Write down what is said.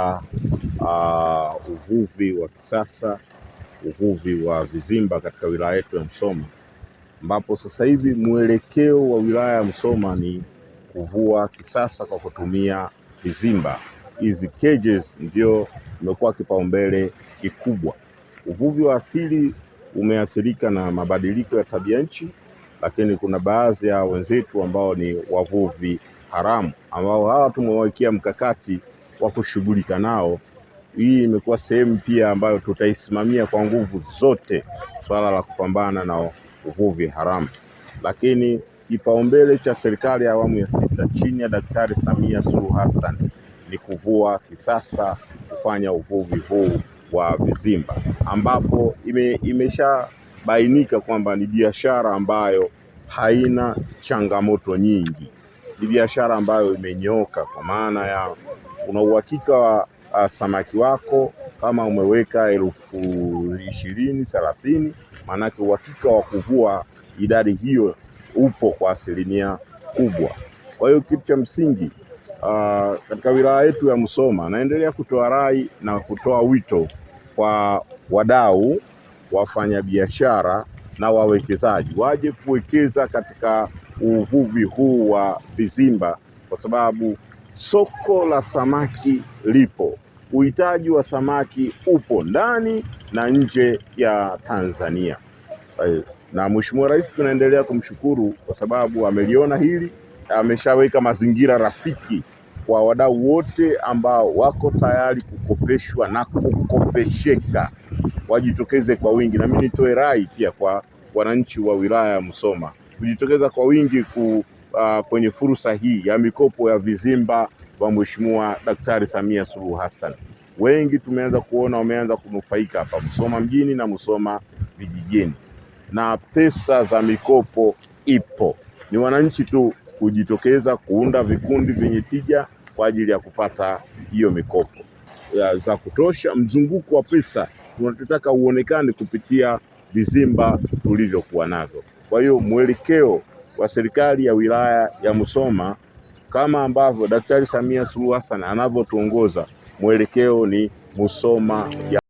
Uh, uvuvi wa kisasa, uvuvi wa vizimba katika wilaya yetu ya msoma ambapo sasa hivi mwelekeo wa wilaya ya msoma ni kuvua kisasa kwa kutumia vizimba. Hizi cages ndio imekuwa kipaumbele kikubwa. Uvuvi wa asili umeathirika na mabadiliko ya tabia nchi, lakini kuna baadhi ya wenzetu ambao ni wavuvi haramu, ambao hawa tumewawekea mkakati wa kushughulika nao. Hii imekuwa sehemu pia ambayo tutaisimamia kwa nguvu zote, swala la kupambana na uvuvi haramu. Lakini kipaumbele cha serikali ya awamu ya sita chini ya Daktari Samia Suluhu Hassan ni kuvua kisasa, kufanya uvuvi huu wa vizimba, ambapo ime, imeshabainika kwamba ni biashara ambayo haina changamoto nyingi, ni biashara ambayo imenyoka kwa maana ya una uhakika wa uh, samaki wako kama umeweka elfu ishirini thelathini, maanake uhakika wa kuvua idadi hiyo upo kwa asilimia kubwa. Kwa hiyo kitu cha msingi uh, katika wilaya yetu ya Musoma naendelea kutoa rai na kutoa wito kwa wadau, wafanyabiashara na wawekezaji waje kuwekeza katika uvuvi huu wa vizimba kwa sababu Soko la samaki lipo, uhitaji wa samaki upo ndani na nje ya Tanzania. Na Mheshimiwa Rais tunaendelea kumshukuru kwa sababu ameliona hili, ameshaweka mazingira rafiki kwa wadau wote ambao wako tayari kukopeshwa na kukopesheka, wajitokeze kwa wingi. Na mimi nitoe rai pia kwa wananchi wa wilaya ya Musoma kujitokeza kwa wingi ku uh, kwenye fursa hii ya mikopo ya vizimba wa Mheshimiwa Daktari Samia Suluhu Hassan. Wengi tumeanza kuona wameanza kunufaika hapa Musoma mjini na Musoma vijijini, na pesa za mikopo ipo, ni wananchi tu kujitokeza kuunda vikundi vyenye tija kwa ajili ya kupata hiyo mikopo ya za kutosha. Mzunguko wa pesa tunataka uonekane kupitia vizimba tulivyokuwa navyo. Kwa hiyo mwelekeo wa serikali ya wilaya ya Musoma kama ambavyo Daktari Samia Suluhu Hassan anavyotuongoza, mwelekeo ni Musoma ya